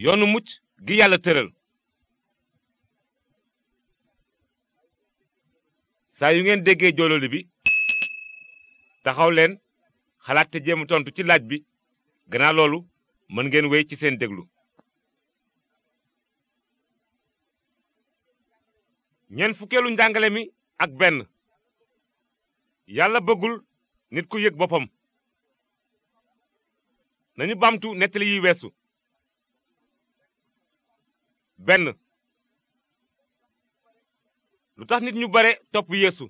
yoonu mucc gi yàlla tëral saa yu ngeen déggee joololi bi taxaw leen xalaat te jéem tontu ci laaj bi gannaaw loolu mën ngeen wéy ci seen déglu ñeent fukkeelu njàngale mi ak benn yàlla bëggul nit ku yëg boppam nañu bamtu nettali yi weesu benn lu tax nit ñu bare topp yeesu.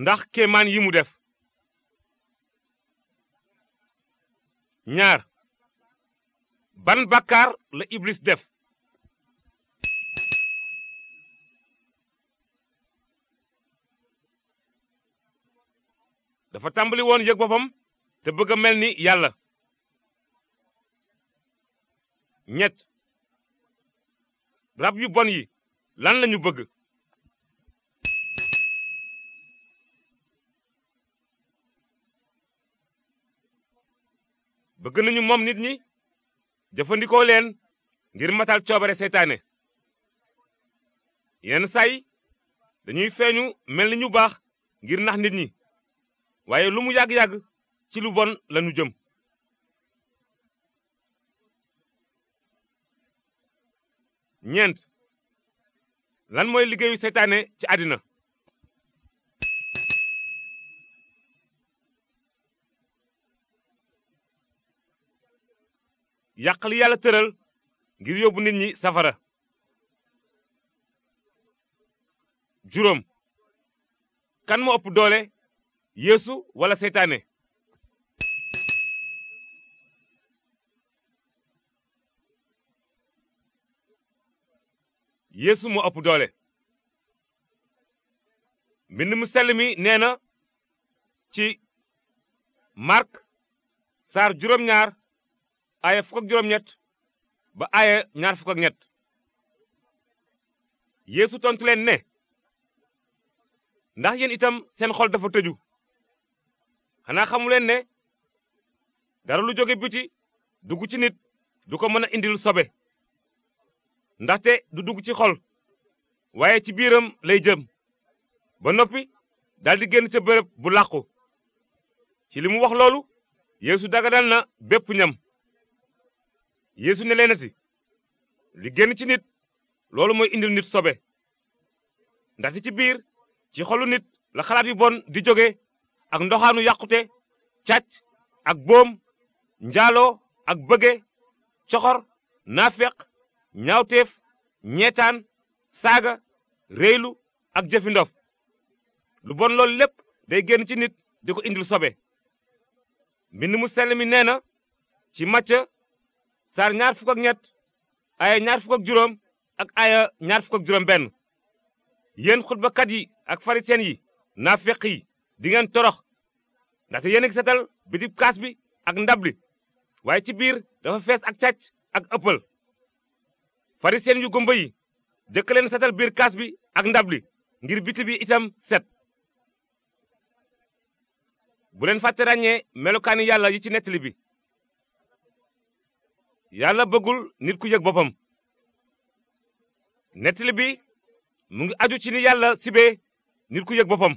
ndax kéemaan yi mu def. ñaar ban bakkaar la iblis def. dafa tàmbali woon yëg boppam te bëgg a mel ni yàlla ñett rab yu bon yi lan lañu bëgg bëgg nañu moom nit ñi jëfandikoo leen ngir matal coobare seytaane yenn say dañuy feeñu mel ni ñu baax ngir nax nit ñi waaye lu mu yàgg-yàgg ci lu bon lanu jëm ñeent lan mooy liggéeyu seytaane ci àddina yàq yàlla tëral ngir yóbbu nit ñi safara juróom kan moo ëpp doole yeesu wala seytaane yeesu moo ëpp doole mbind mu sell mi nee na ci mark saar juróom-ñaar aaya fukk juróom-ñett ba aaya ñaar fukk ñett yeesu tontu leen ne ndax yéen itam seen xol dafa tëju xanaa xamuleen ne dara lu jóge biti dugg ci nit du ko mën a indil sobe ndaxte du dugg ci xol waaye ci biiram lay jëm ba noppi daldi génn ca béréb bu làqu ci li mu wax loolu yéesu daganal na bépp ñam yéesu ne leenati li génn ci nit loolu mooy indil nit sobe ndaxte ci biir ci xolu nit la xalaat yu bon di jóge ak ndoxaanu yàqute càcc ak boom njaaloo ak bëgge coxor naafeq ñaawteef ñeetaan saaga réylu ak jëfi lu bon loolu lépp day génn ci nit di ko indil sobe mbind mu sell mi nee na ci Macë saar ñaar fukk ak ñett ñaar fukk ak juróom ak aaya ñaar fukk ak juróom benn yéen xutbakat yi ak farisen yi yi di torox ndaxte yéen a ngi setal bitib kaas bi ak ndab li waaye ci biir dafa fees ak càcc ak ëppal farisiyen yu gumba yi jëkk leen setal biir kaas bi ak ndab li ngir biti bi itam set bu leen fàtte ràññee melokaani yàlla yi ci nettali bi yàlla bëggul nit ku yëg boppam nettali bi mu ngi aju ci ni yàlla sibee nit ku yëg boppam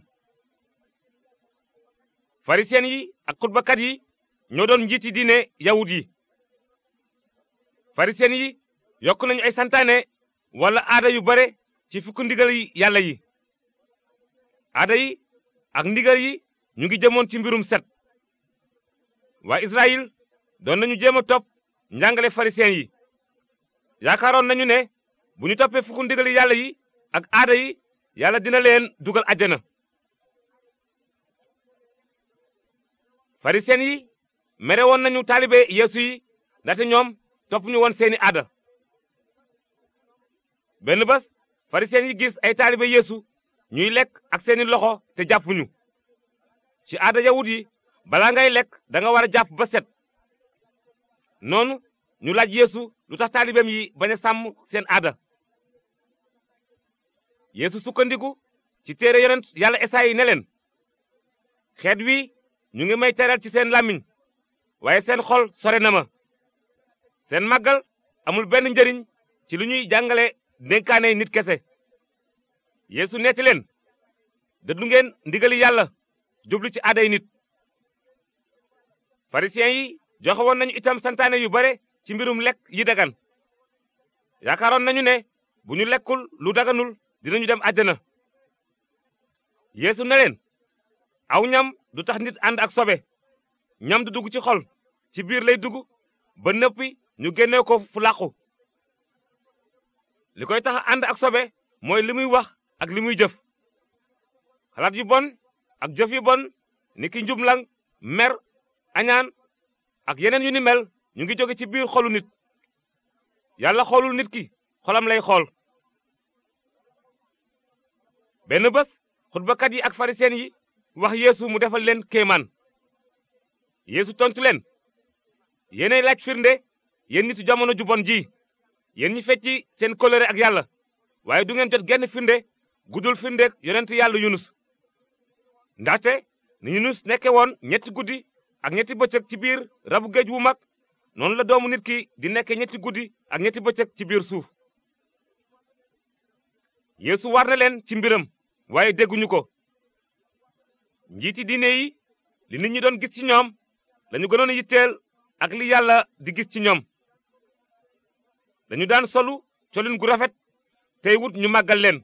farisiyen yi ak xutbakat yi ñoo doon njiiti diine yawut yi farisiyen yi yokk nañu ay santaane wala aada yu bare ci fukk ndigal yi yàlla yi aada yi ak ndigal yi ñu ngi jëmoon ci mbirum set waa Israël doon nañu jéem a topp njàngale farisiyen yi yaakaaroon nañu ne bu ñu toppee fukk ndigali yàlla yi ak aada yi yàlla dina leen dugal àjjana farisiyen yi mere nañu taalibe yeesu yi ndaxte ñoom topp ñu woon seeni aada benn bés farisiyen yi gis ay taalibe yéesu ñuy lekk ak seeni loxo te jàppuñu ci aada yawut yi balaa ngay lekk da war a jàpp ba set noonu ñu laaj yéesu lu tax taalibeem yi bañ a sàmm seen aada yéesu sukkandiku ci téere yonent yàlla esaayi ne leen xeet wi ñu ngi may teral ci seen làmmiñ waaye seen xol sore na ma seen magal amul benn njëriñ ci lu ñuy jàngale dénkaane nit kese yéesu neeti leen dëddu ngeen ndigali yàlla jublu ci aaday nit farisiyen yi joxe nañu itam santaane yu bare ci mbirum lekk yi dagan yaakaaroon nañu ne bu ñu lekkul lu daganul dinañu dem àjjana yéesu ne leen aw ñam du tax nit ànd ak sobe ñam du dugg ci xol ci biir lay dugg ba nëppi ñu génnee ko fu làqu li koy tax a ànd ak sobe mooy li muy wax ak li muy jëf xalaat yu bon ak jëf yu bon ni ki njumlang mer añaan ak yeneen yu ni mel ñu ngi jóge ci biir xolu nit yàlla xoolul nit ki xolam lay xool benn bés xutbakat yi ak farisiyen yi wax yéesu mu defal leen kéemaan yéesu tontu leen yéenay laaj firnde yéen nitu jamono ju bon ji yéen ñi fecci seen kóllëre ak yàlla waaye du ngeen jot genn firnde guddul firnde yonent yàlla yunus ndaxte ni yunus nekke woon ñetti guddi ak ñetti bëccëg ci biir rabu géej wu mag noonu la doomu nit ki di nekke ñetti guddi ak ñetti bëccëg ci biir suuf yéesu war na leen ci mbiram waaye dégguñu ko njiit diine yi li nit ñi doon gis ci ñoom lañu gënoon yitteel ak li yàlla di gis ci ñoom dañu daan solu colin gu rafet tey wut ñu màggal leen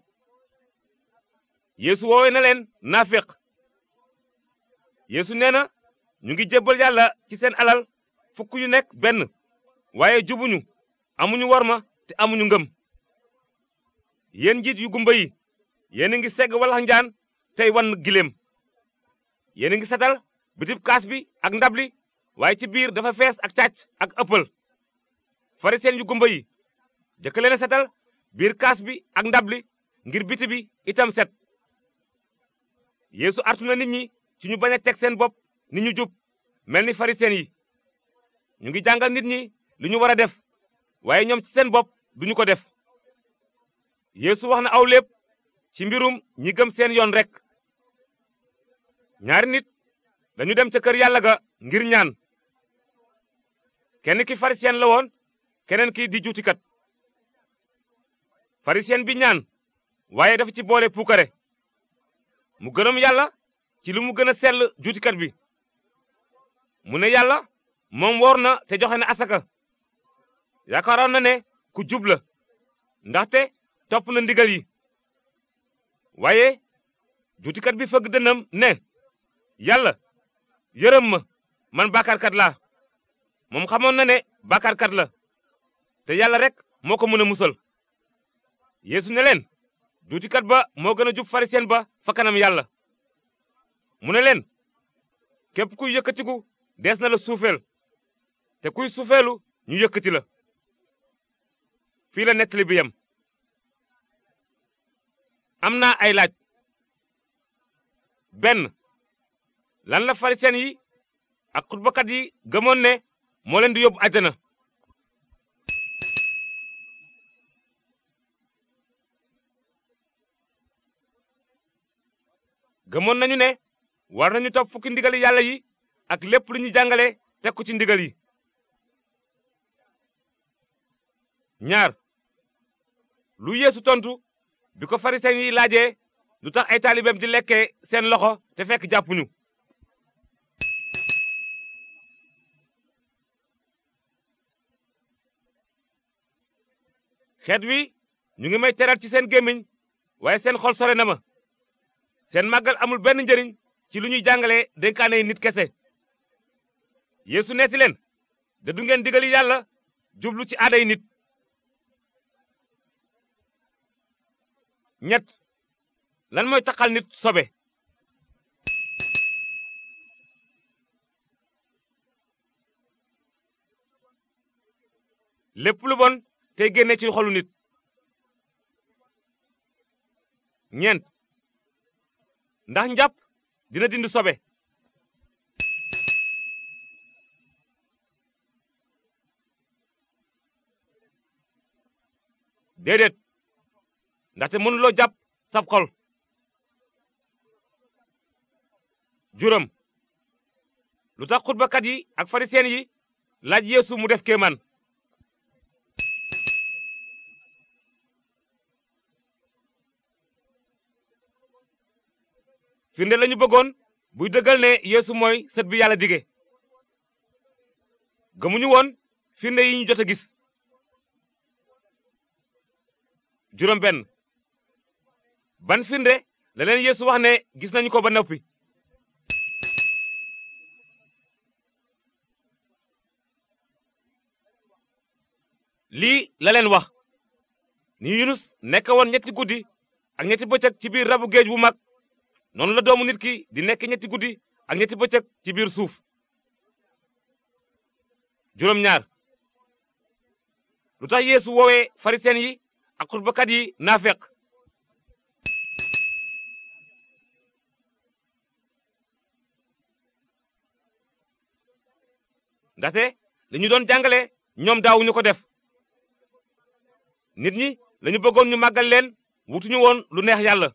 yeesu woowe na leen naaféq yeesu nee na ñu ngi jébbal yàlla ci seen alal fukk yu nekk benn waaye jubuñu amuñu worma te amuñu ngëm yéen njiit yu gumba yi yéen a ngi segg walax njaan tey wan giléem yéen a ngi setal bitib kaas bi ak ndab li waaye ci biir dafa fees ak càcc ak ëppal farisiyen yu gumba yi jëkk leen a setal biir kaas bi ak ndab li ngir biti bi itam set yéesu artu na nit ñi ci ñu bañ a teg seen bopp ni ñu jub mel ni farisiyen yi ñu ngi jàngal nit ñi li ñu war a def waaye ñoom ci seen bopp duñu ko def yéesu wax na aw lépp ci mbirum ñi gëm seen yoon rek ñaari nit dañu dem ca kër yàlla ga ngir ñaan kenn ki pharisien la woon keneen ki di juutikat pharisien bi ñaan waaye dafa ci boole puukare mu gërëm yàlla ci li mu gën a sell juutikat bi mu ne yàlla moom woor na te joxe na asaka yaakaaroon na ne ku jubla la ndaxte topp na ndigal yi waaye juutikat bi fëgg dënam ne yàlla yërëm ma man bàkkaarkat la moom xamoon na ne bàkkaarkat la te yàlla rek moo ko mën a musal yeesu ne leen duutikat ba moo gën a jub farisien ba fa kanam yàlla mu ne leen képp kuy yëkkatiku dees na la suufeel te kuy suufeelu ñu yëkkati la fii la nettali bi yem am naa ay laaj benn lan la farisen yi ak xutbakat yi gëmoon ne moo leen di yóbbu àjjana gëmoon nañu ne war nañu topp fukki ndigali yàlla yi ak lépp lu ñu jàngale teg ci ndigal yi ñaar lu yéesu tontu bi ko farisen yi laaje lu tax ay taalibeem di lekkee seen loxo te fekk jàppuñu xeet wi ñu ngi may teral ci seen gémmiñ waaye seen xol sore na ma seen màggal amul benn njëriñ ci lu ñuy jàngalee dénkaane yi nit kese yeesu neeti leen da du ngeen digali yàlla jublu ci aaday nit ñett lan mooy taqal nit sobe lépp lu te génne ci xolu nit ñeent ndax njàpp dina dindi sobe déedéet ndaxte mënuloo jàpp sab xol juróom lu tax xutbakat yi ak farisiyen yi laaj yéesu mu def kéemaan firnde lañu bëggoon buy dëggal ne yeesu mooy sët bi yàlla dige gëmuñu woon firnde yi ñu jot a gis juróom benn ban firnde la yéesu yeesu ne gis nañu ko ba noppi lii la leen wax ni yunus nekk woon ñetti guddi ak ñetti bëccëg ci biir rabu géej bu mag noonu la doomu nit ki di nekk ñetti guddi ak ñetti bëccëg ci biir suuf juróom-ñaar lu tax yeesu woowee farisen yi ak xutbakat yi naafeq ndaxte li ñu doon jàngale ñoom daawuñu ko def nit ñi lañu bëggoon ñu màggal leen wutuñu woon lu neex yàlla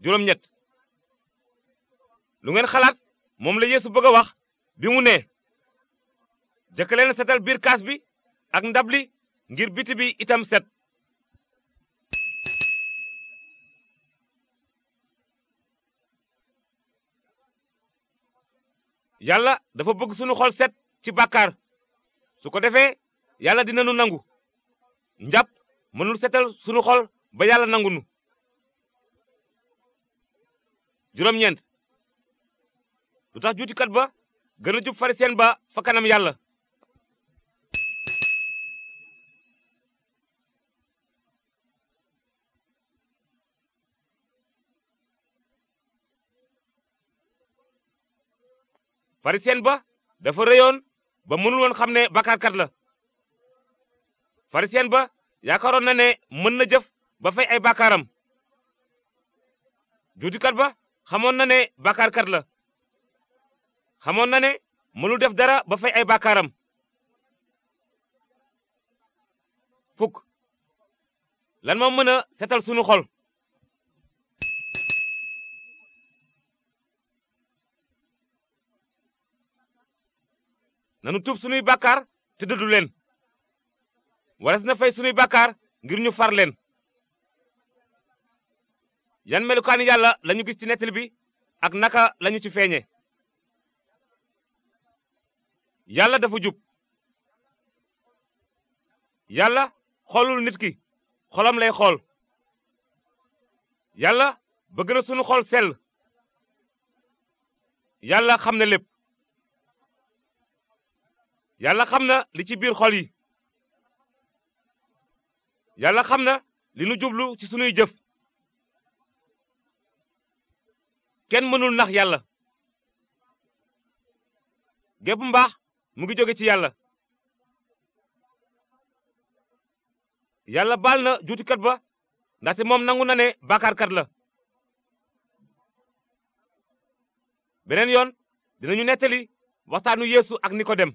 juróom lu ngeen xalaat moom la yeesu bëgg a wax bi mu nee jëkk leen setal biir kaas bi ak ndab li ngir biti bi itam set yàlla dafa bëgg sunu xol set ci bàkkaar su ko defee yàlla dina nu nangu njàpp mënul setal sunu xol ba yàlla nangunu juróom-ñeent lu tax juutikat ba gën a jub fariseen ba fa kanam yàlla fariseen ba dafa rëyoon ba mënul woon xam ne bàkkaarkat la fariseen ba yaakaaroon na ne mën na jëf ba fay ay bàkkaaram juutikat ba xamoon na ne bàkkaarkat la xamoon na ne mënul def dara ba fay ay bàkkaaram fukk lan moo mën a setal sunu xol nanu tub sunuy bàkkaar te dëddu leen waras na fay sunuy bàkkaar ngir ñu far leen yan melukaani yàlla lañu gis ci nettali bi ak naka lañu ci feeñe yàlla dafa jub yàlla xoolul nit ki xolam lay xool yàlla bëgg na sunu xol sel yàlla xam na lépp yàlla xam na li ci biir xol yi yàlla xam na li nu jublu ci sunuy jëf kenn mënul nax yàlla gépp mbaax mu ngi jóge ci yàlla yàlla baal na juutikat ba ndaxte moom nangu na ne bàkkaarkat la beneen yoon dinañu nettali waxtaanu yéesu ak nikodem